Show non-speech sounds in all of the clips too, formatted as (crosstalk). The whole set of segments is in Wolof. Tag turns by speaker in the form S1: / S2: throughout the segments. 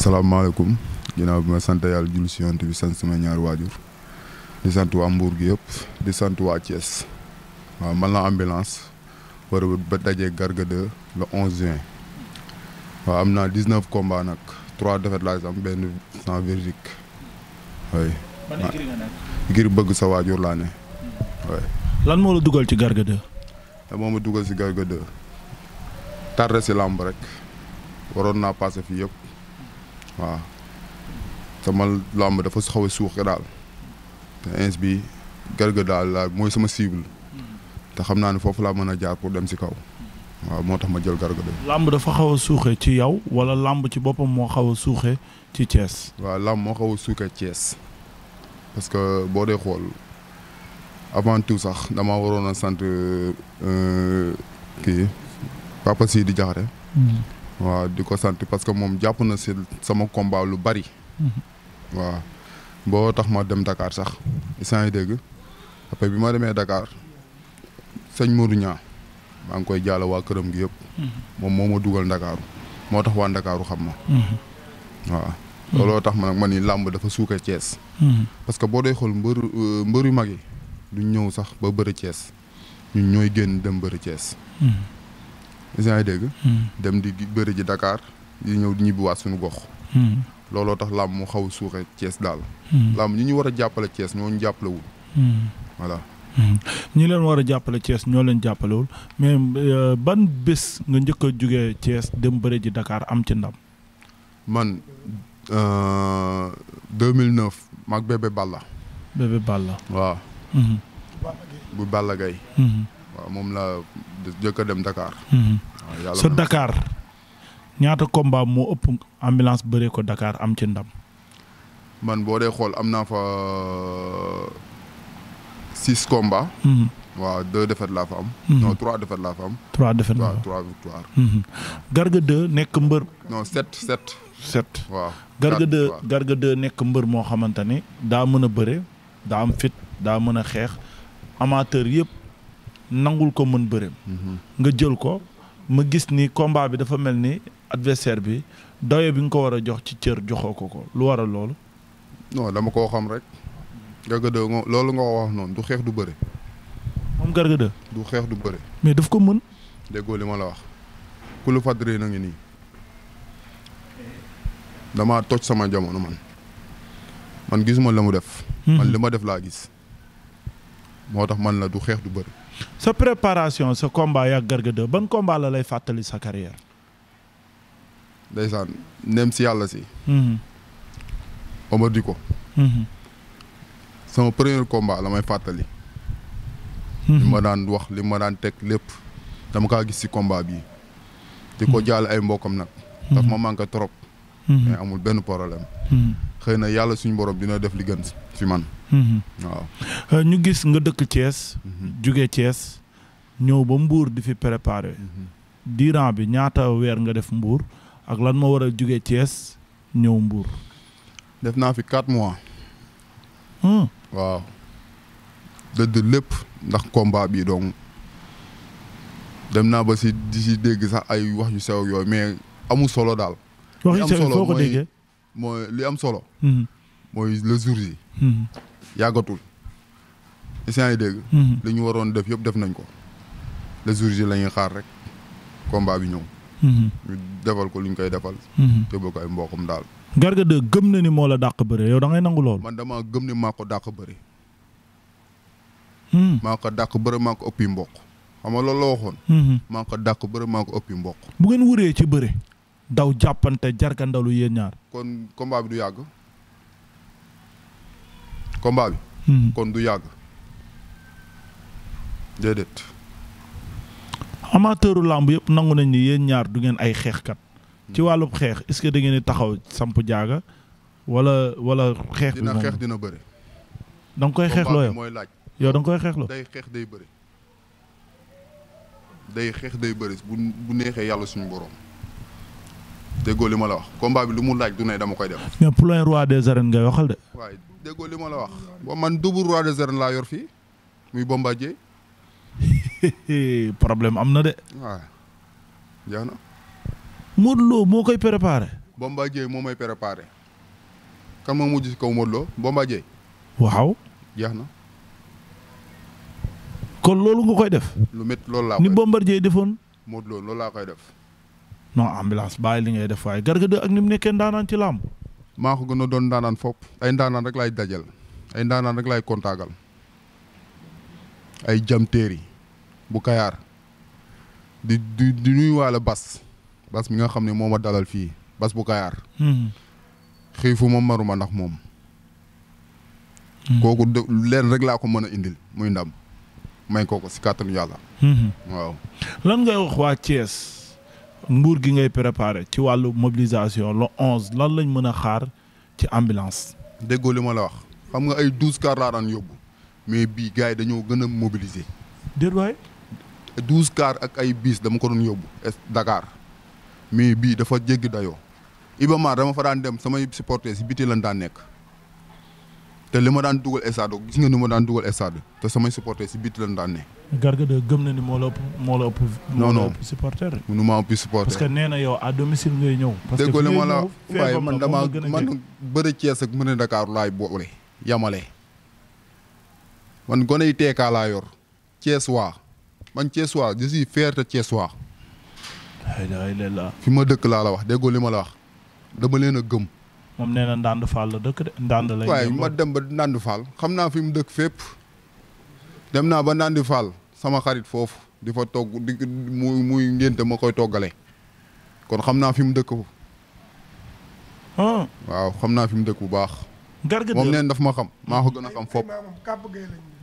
S1: salaamaaleykum ginnaaw bi ma sant yàlla julli si yonent bi sant sama ñaari waajur di sant waa Mbour gi yëpp di sant waa Thiès waaw man la ambulance war ba dajee Garga 2 le 11 juin waaw am naa 19 combats nag 3 défaites laa am benn sans verdict oui. ban écurie nga bëgg sa waajur laa ne. oui.
S2: lan moo la dugal ci Garga moom
S1: te moo ma dugal si Garga 2 si làmb rek waroon naa passé fii yëpp. waaw te man làmb dafa xaw a suux daal te ins bi garga daal laa mooy sama cible te xam naa ne foofu laa mën a jaar pour dem si kaw waaw moo tax ma jël garga de.
S2: làmb dafa xaw a ci yow wala làmb ci boppam moo xaw a suuxee ci Thiès. waaw làmb moo xaw a suuxee Thiès parce que boo dee xool
S1: avant tout sax damaa waroon a sant euh, kii Papa di Diakhaté. Hmm. waaw di ko sant parce que moom jàpp na si sama combat lu bari. Mhm. waaw boo tax ma dem Dakar sax saa yi dégg après bi ma demee Dakar sëñ Modou Niang maa ngi koy jaala waa këram gi yëpp. Mhm. moom moo ma dugal Ndakaaru moo tax waa dakaru xam ma. Mhm. waaw looloo tax ma nag ma ni làmb dafa suuka Thiès. parce que boo doy xool mbër euh, mbër yu mag yi duñ ñëw sax ba bëri Thiès ñun ñooy génn dem bëri Thiès. yaa dégg. Hmm. dem di bëri ji dakaar di ñëw di ñibbiwaat suñu gox. Hmm. looloo tax làmb mu xaw a suuxee Thiès daal. Hmm. làmb ñi ñu war a jàppale Thiès ñoo ñu jàppalewul.
S2: voilà. ñi leen war a jàppale cees ñoo leen jàppalewul mais euh, ban bés nga njëkk a jugee Thiès dem bëri ji dakaar am ci ndam. man
S1: 2009 euh, maag bébé Balla. bébé Balla bu Balla Gaye. waaw moom la. jëkk a dem Dakar.
S2: Mhm. waaw sa ñaata combat moo ëpp ambulance bëree ko Dakar am ci ndam.
S1: man boo dee xool am naa fa euh, six combats. Mhm. waaw deux défaites laa fa am. Mhm. trois défaites laa fa
S2: am. Garga 2 nekk mbër.
S1: non sept sept.
S2: Garga 2 Garga 2 nekk mbër moo xamante ne daa mën a bëre daa am fit daa mën a xeex amateur yëpp. nangul ko mën bëreem mhm. nga jël ko ma gis ni combat bi dafa mel ni adversaire bi dayo bi nga ko war a jox ci cër joxoo ko ko lu war a loolu
S1: non dama koo xam rek Garga loolu nga wax noonu du xeex du bëre moom Garga 2 xeex du bëre mais daf ko mën déggoo li ma la wax ku lu fàttali na ngi nii damaa toj sama jamono man man gisuma la mu def man mhm. li ma def laa gis moo tax man la du xeex du bëri
S2: sa préparation sa combat yaa Garga ban combat la lay fàttali sa carrière
S1: ndeysaan si yàlla si Omar mm-hmm. Diko mm-hmm. sama premier combat la may fàttali li mm-hmm. ma daan wax li ma daan teg lépp dama kaa gis si combat bii di ko jaal ay mbokkam nag daf ma manqué trop mais amul benn problème xëy na yàlla suñu borom dina def li gën fi man waaw
S2: euh, ñu gis nga dëkk Thiès. Mhm. jóge Thiès ñëw ba mbuur di fi préparer. Mhm. diirant bi ñaata weer nga def mbuur ak lan moo war a jóge Thiès ñëw mbuur def naa fi quatre mois.
S1: Hmm. waaw. dëdd lépp ndax combat bi doom dem naa ba si di si dégg sax ay wax yu sew yooyu mais amul solo daal. li am solo hmm. mooy li yi. Hmm. yàggatul essence yi dégg. Hmm. li ñu waroon def yëpp def nañ ko. le jour ji la ñuy xaar rek combat bi ñëw. Hmm. ñu defal ko lu ñu koy defal. yóbbu hmm. ko ay mboqam daal.
S2: Garga 2 gëm na ni moo la dàq bëre yow da ngay nangu lool. man
S1: dama gëm ni maa ko dàq bëre. maa ko dàq bëre mboq. xam nga lool la waxoon. maa ko dàq bëre maa ko ëppi mboq.
S2: bu ngeen wuree ci bëre. daw jàppante jargandalu yéen ñaar. kon
S1: combat bi du yàgg. combat bi. Hmm. kon du yàgg déedéet.
S2: amateuru làmb yëpp nangu nañ ni yéen ñaar du ngeen ay xeexkat. Hmm. ci wàllub xeex est-ce ngeen taxaw samp jaaga wala wala xeex. dina xeex dina bëri. da koy xeexloo yow mooy laaj. yow da nga koy xeexloo.
S1: day xeex day bëri. day xeex day bëri bu bu neexee yàlla suñu borom. déggoo li ma la wax combat bi lu mu laaj du ne dama koy def.
S2: mais poulain roi des arènes ngay waxal de.
S1: déggoo li ma la wax. bo man double roi des arènes laa yor fii muy Bombardier. (laughs) problème am na de. waaw jeex moo koy préparé. Bombardier moo may préparé. kan moo mujj si kaw Modou Lo Bombardier. waaw. jeex na.
S2: kon loolu nga koy def. lu métti loolu laa koy def ni defoon.
S1: Modou Lo loolu laa koy def.
S2: non ambulance bàyyi li ngay def waaye Garga 2 ak ni mu nekkee ndaanaan ci làmb
S1: maa ko gën a doon ndaanaan fopp ay ndaanaan rek laay dajal ay ndaanaan rek laay kontaagal ay jamteeri bu kayaar di di di nuyuwaale bas bas mi nga xam ne moo ma dalal fii bas bu kayaar hmm. xiifu ma maruma ndax moom hmm. kooku de leen rek laa ko mën
S2: a indil muy ndam may kooku si kàttanu yàlla hmm. waaw lan ngay wax waa Thiès mbour gi ngay préparé ci mobilisation le 11 lan lañ mëna xaar ci ambulance. la wax
S1: xam nga ay cars mais mobilisés. gars dañu mobiliser. way douze cars ak ay dama ko doon Dakar mais bi dafa jéggi dayo ibama dama fa daan dem samay supporters ci biti te li ma daan dugal stade gis nga ni ma daan dugal stade te samay supporter si bit lañ daan ne.
S2: Garga de gëm na ni mo la ëpp moo la ëpp. non non supporter.
S1: mënu ma ëpp supporter parce que
S2: nee yow à domicile ngay ñëw. parce que li ma la waaye man dama man
S1: ci ess ak mën Dakar lay boole yamalé man gone yi teekaa la yor ci ess wa man ci ess wa je suis fier de Thiès waa. fi ma dëkk la la wax déggoo li ma la wax dama leena gëm
S2: mom neena na Fall la dëkk de Ndande lay way ma
S1: dem ba Ndande Fall xamna fim fi fep dem na ba Ndande Fall sama xarit fofu di fa togg di muy muy ngénte ma koy togalé kon xamna fim fi mu dëkk. Ah. waaw xamna fim fi bu baax. Garga de mom neen daf ma xam ma ko gëna xam fop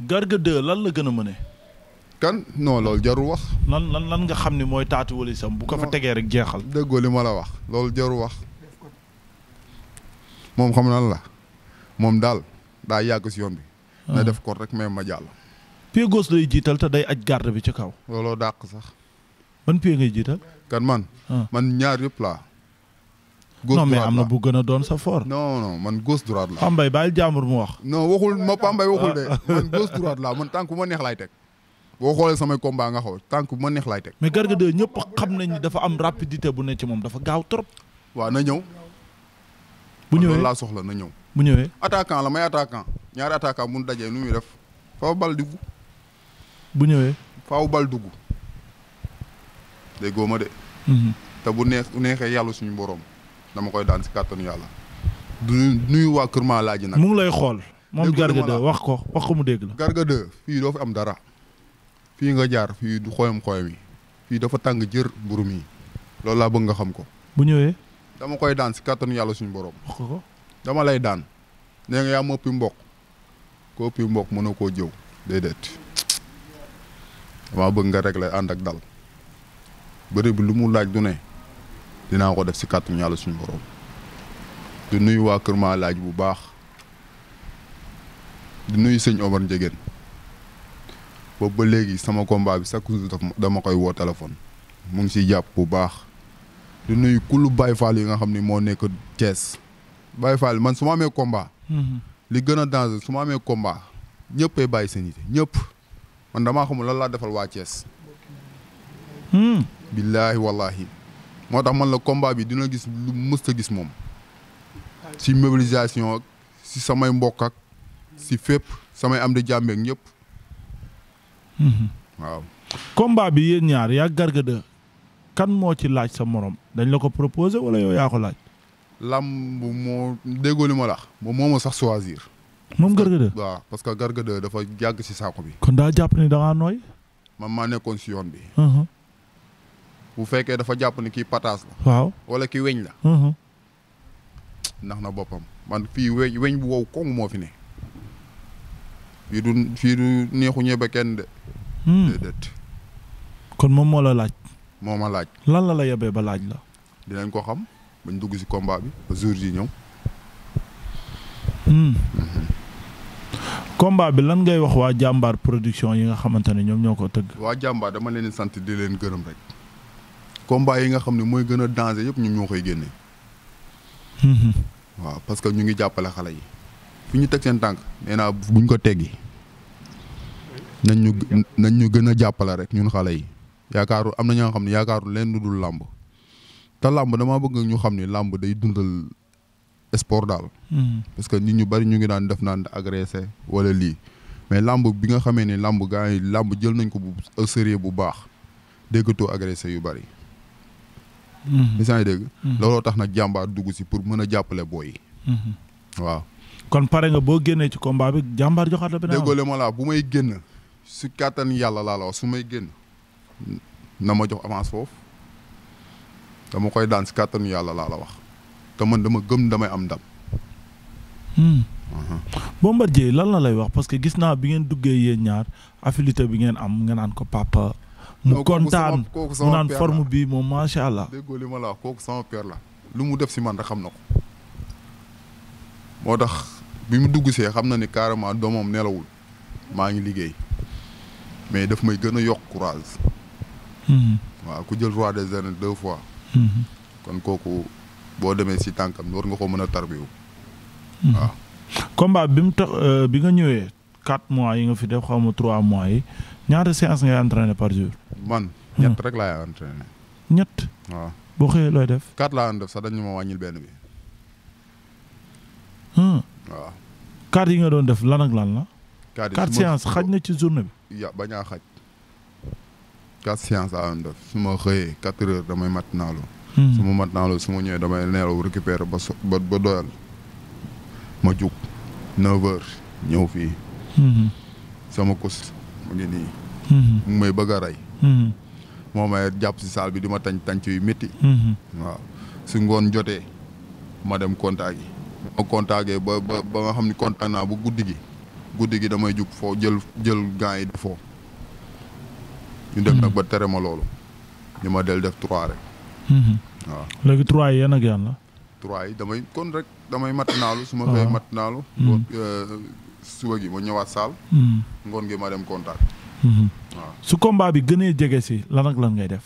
S2: Garga de lan la gëna mëne. kan no lol jaru wax. lan lan lan nga xamni moy mooy taatu walisam bu ko fa tege rek jeexal. déggoo li ma wax lol jaru wax.
S1: moom xam na la moom daal daa yàgg si yoon bi. Ah. na def ko rek mais ma
S2: jàll. pied gauche lay jiital te day aj garde bi ci kaw. looloo dàq sax. ban pied ngay jiital. kan man. Ah. man ñaar yëpp la gauche droite non am na bu gën a doon sa fort. non non man gauche droite la. Pambay bàyyi jàmbur mu wax.
S1: non waxul ma Pambay waxul de ah. man gauche droite laa man tànk bu ma neex laay teg. boo xoolee samay combat nga xaw tànk bu ma neex laay teg.
S2: mais Garga 2 ñëpp xam nañ dafa am rapidité bu nekk ci moom dafa gaaw trop. waa na ñëw. bu ñëwee laa soxla na ñëw. bu ñëwee
S1: attaquant la may attaquant ñaari attaquant bu ñu dajee nu muy def faaw bal dugg. bu ñëwee. faaw bal dugg. day góoma de. Mhm. te bu neex neexee yàlla suñu boroom dama koy daan si kàttanu yàlla. du nuyu waa Kër maa laaj nag. mu ngi lay xool moom Garga
S2: wax ko wax ko mu dégg la. Garga
S1: fii doo fi am dara. fii nga jaar fii du xooyam xooyam yi fii dafa tàng jër mburu mi loolu laa bëgg nga xam ko.
S2: bu ñëwee. dama
S1: koy daan si kattanu yàlla suñu borom. dama lay daan nee nga yaa ma ëppi mboq ko ëppi mboq mënoo koo jëw déedéet dama bëgg nga régler ànd ak dal bëri bi lu mu laaj du ne dinaa ko def si kàttanu yàlla suñu boroom di nuyu waa Kër laaj bu baax di nuyu sëñ Omar Njegéen boobu ba léegi sama combat bi chaque jour dama koy woo téléphone mu ngi siy jàpp bu baax. di nuyu kullu Baye Fall yi nga xam ni moo nekk Thiès Baye Fall man su ma amee combat. Mhm. li gën a danger su ma amee combat ñëppay bàyyi seen yite ñëpp man damaa xamul lan laa defal waa Thiès. Hmm. billaahi wallaahi moo tax man la combat bi dina gis lu mësta gis moom. si mobilisation ak si samay mbokk ak si fépp samay am di jàmbeek ñëpp.
S3: Mhm.
S2: waaw. combat bi yéen ñaar yaa Garga kan moo ci laaj sa morom dañ la ko proposé wala yow yaa ko laaj.
S1: làmb moo déggoo li ma la moom a ma sax choisir. moom Garga parce que Garga 2 dafa yàgg si saako bi.
S2: kon daa jàpp ni da ngaa nooy.
S1: man maa nekkoon si yoon bi. Uh-huh. bu fekkee dafa jàpp ni kii pataas la. waaw wala kii weñ la. Uh-huh. ndax na boppam man fii weñ bu wow koŋŋ moo fi ne. fii du neexu ñebe kenn de. Hmm. kon
S2: moom moo la laaj.
S1: moo ma laaj. lan la la yebee ba laaj la. dinañ ko xam bañ dugg si combat bi ba jour yi ñëw.
S3: Hmm. Mhm.
S2: combat bi lan ngay wax waa jàmbaar production yi nga xamante ne ñoom ñoo ko tëgg.
S1: waa jàmbaar dama leen sant di leen gërëm rek. combat yi nga xam ne mooy gën a danger yëpp ñun ñoo koy génnee. Hmm. waaw parce que ñu ngi jàppale xale yi. fi ñu teg seen tànk nee buñ ko teggi nañ ñu nañ ñu gën a jàppale rek ñun xale yi. yaakaaru am na ñoo xam ne yaakaaru leen lu dul làmb te làmb damaa bëgg ñu xam ni làmb day dundal sport daal. Hmm. parce que nit ñu bari ñu ngi daan def naan agressé wala lii mais làmb bi nga xamee ne làmb gaa yi làmb jël nañ ko bu sérieux bu baax déggatoo agressé yu bari.
S3: Hmm. yaa ngi dégg. Hmm.
S1: looloo tax na jàmbaar dugg si pour mën a jàppale booy yi.
S2: waaw. kon pare nga boo génnee ci combat bi jàmbaar joxaat la beneen déggoo ma bu
S1: may génn su kàttan yàlla laa la wax su may génn. na ma jox avance foofu dama koy daan si kàttanu yàlla laa la wax te man dama gëm damay am ndam.
S2: Hmm. Uh-huh. Bombardier lan la lay wax parce que gis naa bi ngeen duggee yéen ñaar affilité bi ngeen am nga naan ko papa. mu kontaan mu naan forme bi moom macha allah.
S1: déggoo li ma la wax kooku sama père la. lu mu def si man rek xam na ko. moo tax bi mu dugg see xam na ni carrément doomam nelawul maa ngi liggéey mais daf may gën a yokk courage. Mm-hmm. waaw ku jël roi des arènes deux fois. Mm-hmm. kon kooku boo demee si tànkam war nga ko mën a tarbiwu.
S2: Mm-hmm. waaw. combat bi mu tax euh, bi nga ñëwee quatre mois yi nga fi def xaw ma trois mois yi ñaata séance ngay entraîné par jour. man mm. ñett
S1: rek laay entraîné.
S2: ñett. boo xëyee looy def.
S1: quatre laa daan def sax dañ ma wàññil benn bi.
S2: Hmm. waaw. quatre yi nga doon def lan ak lan la. quatre séance xaj na ci journée
S1: bi. bañaa xaj. quatre séances à am def su ma xëyee quatre heures damay matinaalu su ma matinaalu su ma ñëwee damay ba so ba ba ma jug neuf heures ñëw fii sama kus mu ngi nii mu may bëgg a rey si salbi, di ma tañ tànc yu métti waaw hmm. su ngoon jotee ma dem contact yi ma contacté ba ba ba nga xam ne contact naa bu guddi gi guddi gi damay jug foo jël jël gants ñu dem hmm. nag ba tere ma loolu. ñu ma del def trois rek. Hmm. waaw
S2: léegi trois yi yéen ak yan la.
S1: trois yi damay kon rek damay mattinaalu su ma xëyee ah. mattinaalu. Hmm. Euh, suba gi ma ñëwaat saal. ngoon
S2: ma dem contact.
S1: waaw su
S2: combat bi gënee jege si la ak lan ngay def.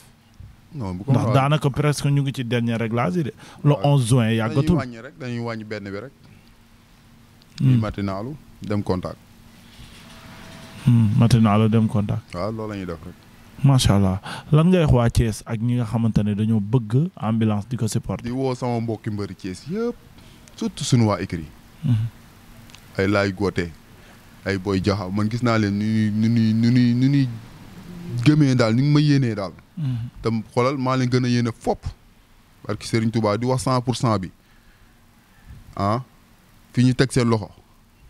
S2: non bu combat daanaka presque ñu ngi ci dernier réglage yi de. le onze juin yàggatul dañuy wàññi rek dañuy wàññi benn bi rek. ñuy mattinaalu dem contact. mattinaalu dem contact.
S1: waaw def rek.
S2: macha allah lan ngay wax waa Thiès ak ñi nga xamante ne dañoo bëgg ambulance di ko supporter. di woo sama mbokki mbëri Thiès yëpp
S1: surtout suñu waa écrit mhm. ay laay goote ay boy jaxaw man gis naa leen nu ñuy nu ñuy nu daal ni ma yéene daal. Mhm. te xoolal maa leen gën a yéene fopp. parce que di wax cent pour cent bi ah fi ñu teg seen loxo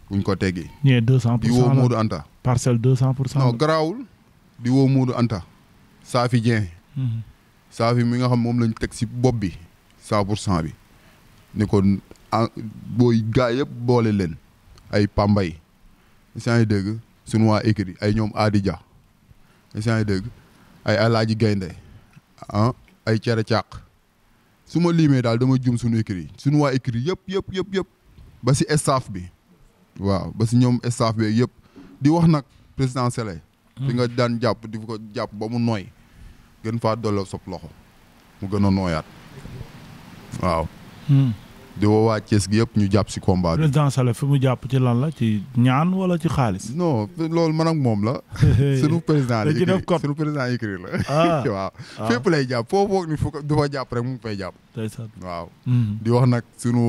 S1: buñ ko teggee.
S2: ñu ne cent pour cent cent pour cent.
S1: garaawul. di woo Moodu Anta Saafi Dieng mhm. Saafi mi nga xam moom lañ teg si bopp bi cent pour cent bi ne kon booy gaa yëpp boole leen ay Pambay saa ngi dégg sunu waa écrit ay ñoom Adija saa ngi dégg ay Alaaji Gaynde ah ay cere càq su ma liimee daal dama jum sunu écrit sunu waa écrit yëpp yëpp yëpp yëpp ba si staff bi waaw ba si ñoom staff bi yëpp di wax nag président Sélé fi nga daan jàpp di ko jàpp ba mu nooy gën faa dolloo sob loxo mu gën a nooyaat waaw hmm. di woo waa Thiès gi yëpp ñu jàpp si combat
S2: bi. président la fi mu jàpp ci lan la ci ñaan wala ci xaalis. non loolu man ak moom la. (laughs) sunu président la
S1: sunu président écrit la. Ah. (laughs) waaw ah. fépp lay jàpp foo foog ni fu du fa jàpp rek mu ngi fay jàpp. waaw. Hmm. di wax nag sunu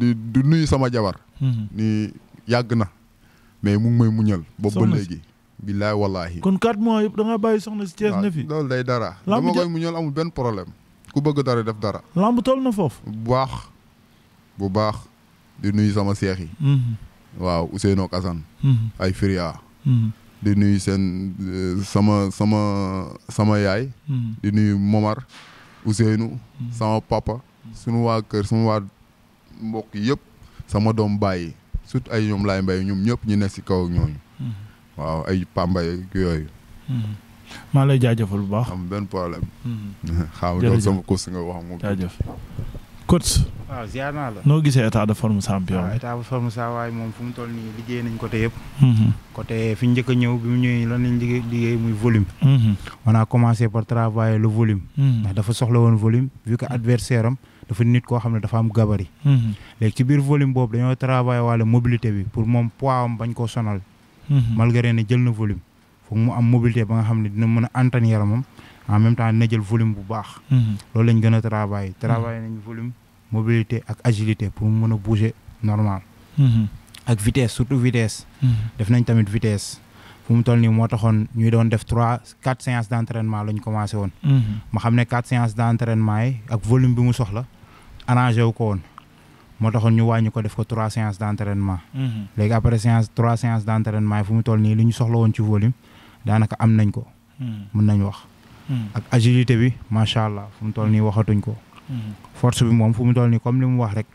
S1: di du nuyu sama jabar. Hmm. ni yàgg na mais mu ngi muñal. boobu léegi. billaay wallaahi. kon 4 moo yëpp da ngaa bàyyi soxna si Thiès ne fi. loolu day dara. lamb dama bëgg dara def dara. lamb toll na foofu. bu baax bu baax di nuyu sama seex yi. Mhm. waaw Ousseynou ak Assane. Mhm. ay Firia. Mhm. di nuyu seen euh, sama sama sama yaay. di nuyu Momar Ousseynou. sama papa. sunu waa kër sunu waa mbokk yëpp. sama doom bàyyi surtout ay ñoom laay mbay ñoom ñëpp ñu si kaw ak waaw ay pambay yooyu.
S2: Hmm. maa lay jaajëfal bu baax. am benn problème. Hmm. (laughs) xaaral ma doon sama coach nga wax moom. jaajëf
S4: coach. waaw ziar naa la. noo
S2: gisee état de forme champion. waaw
S4: état de forme saa waay moom fu mu toll nii liggéey nañ côté yëpp. Hmm. côté fi a ñëw bi mu ñëwee lan lañ liggéey liggéey muy volume. on a commencé par travailler le volume. ndax dafa soxla woon volume vu que adversaire am dafa nit koo xam ne dafa am gabarit. léegi ci biir volume boobu dañoo travailler wàllu mobilité bi pour moom poids bañ koo sonal. Mm-hmm. malgré ne jël na volume foog mu am mobilité ba nga xam ne dina mën a antan yaramam en même temps dina jël volume bu baax mm-hmm. loolu lañ gën a travailler mm-hmm. travailler nañ volume mobilité ak agilité pour mu mën a bouger normal ak vitesse surtout vitesse def nañ tamit vitesse fu mu toll nii moo taxoon ñuy doon def trois quatre séances d' entraînement la ñu commencé woon ma xam ne quatre séances d' entraînement ak volume bi mu soxla arrangé ko woon moo taxoon ñu wàññi ko def ko trois séances d' entraînement. Mhm. léegi après séance trois séances d' entraînement yi fu mu toll nii li ñu soxla woon ci volume daanaka am nañ ko. Mhm. mën nañ wax. Mhm. ak agilité bi macha allah fu mu tol nii waxatuñ ko. force bi moom fu mu toll nii comme li mu wax rek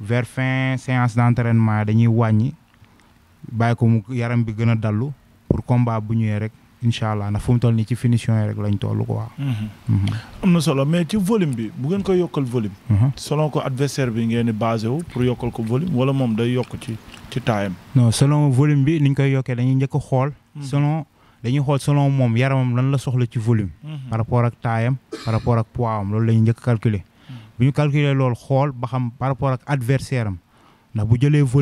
S4: vers fin séance d' entraînement dañuy wàññi bàyyi ko yaram bi gën a dallu pour combat bu ñëwee rek. incha allah ndax fu mu toll nii ci finition yi rek lañ toll quoi. Mm-hmm. Mm-hmm. am
S2: na solo mais ci volume bi bu ngeen koy yokkal volume. Mm-hmm. selon ko adversaire bi ngeen di basé wu pour yokkal ko volume wala moom day yokk ci ci taayam.
S4: non selon volume bi niñ koy yokkee dañuy njëkk a xool. selon dañuy xool selon moom yaramam lan la soxla ci volume. par rapport ak taayam par rapport ak poids loolu la ñuy a calculer. bu ñu calculer loolu xool ba xam par rapport ak adversaire am ndax bu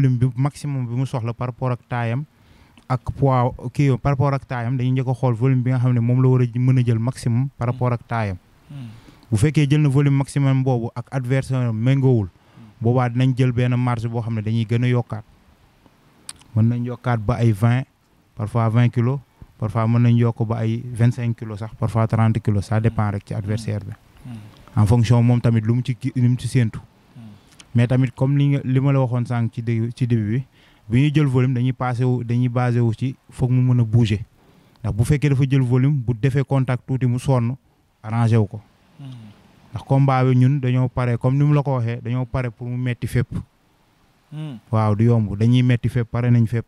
S4: ak poids kii par rapport ak taayam dañuy njëkk a xool volume bi nga xam ne moom la war a mën a jël maximum par hmm. rapport ak taayam hmm. bu fekkee jël na volume maximum boobu ak adversaire méngoowul hmm. boobaa dinañ jël benn marge boo xam ne dañuy gën a yokkaat mën nañ yokkaat ba ay vingt parfois vingt kilos parfois mën nañ yokk ba ay vingt cinq kilos sax parfois trente kilos ça dépend rek ci adversaire bi en fonction moom tamit lu mu ci lu mu ci séentu mais tamit comme li nga li ma la waxoon sànq ci dé bi bi ñu jël volume dañuy passé wu dañuy basé wu ci foog mu mën a bouger ndax bu fekkee dafa jël volume bu defee contact tuuti mu sonn arrangé wu ko. Hmm. ndax kom bi ñun dañoo pare comme ni mu la ko waxee dañoo pare pour mu metti fépp. Hmm. waaw du yomb dañuy metti fépp pare nañ fépp.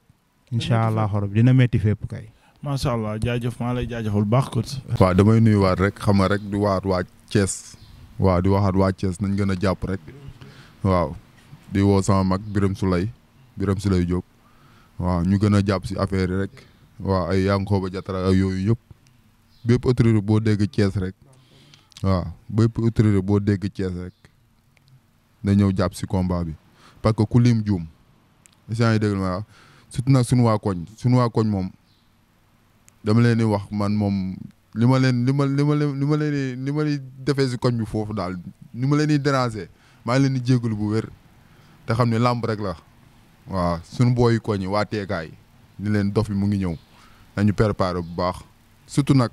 S4: incha allah xorob dina metti fépp kay.
S2: macha allah jaajëf maa lay jaajëfal baax ko.
S1: waaw damay nuyuwaat rek xam rek di waxaat waa Thiès waaw di waxaat waa Thiès nañ gën a jàpp rek waaw di woo sama mag Birame Souleye biram si Souleye Diop waaw ñu gën a jàpp si affaire yi rek waaw ay Yankhoba Diattara ak yooyu yëpp bépp autorité boo dégg Thiès rek waaw bépp autorité boo dégg Thiès rek na ñëw jàpp si combat bi parce que ku lim juum échange yi dégg ma surtout suñu waa koñ suñu waa koñ moom dama leen di wax man moom li ma leen li ma li ma leen li ma leen li ma defee si koñ bi foofu daal ni ma leen di déranger maa ngi leen di jégalu bu wér te xam ne làmb rek la. waaw suñu booy koñ yi waa teekaay ni leen dof bi mu ngi ñëw nañu préparé bu baax surtout nag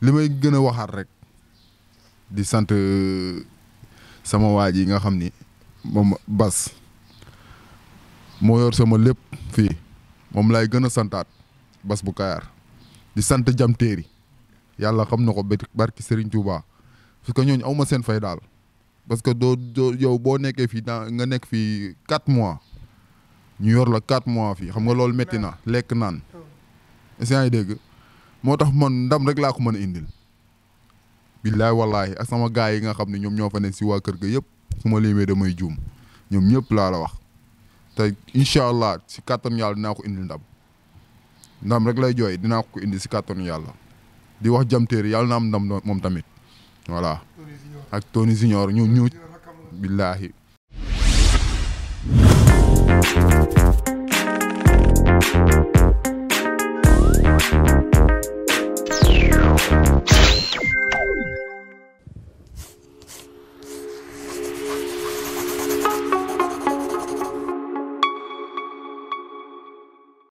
S1: li may gën a waxaat rek di sant euh, sama waa yi nga xam ni moom Bas moo yor sama lépp fii moom lay gën a santaat Bas bu Kayar di sant jamteeri yàlla xam na ko barki Serigne Touba parce que ñooñu aw ma seen fay daal parce que doo doo yow boo nekkee fii dans nga nekk fii quatre mois ñu yor la quatre mois fii xam nga loolu métti na lekk naan est yi dégg moo tax man ndam rek laa ko mën a indil billaay wallaay ak sama gaay yi nga xam ne ñoom ñoo fa ne si waa kër ga yëpp su ma juum ñoom ñëpp laa la wax te incha allah si kàttanu yàlla dinaa ko indil ndam ndam rek lay jooy dinaa ko indi si kàttanu yàlla di wax jamteer yàlla na am ndam moom tamit voilà ak Tony Junior ñu ñu billaahi
S3: Thank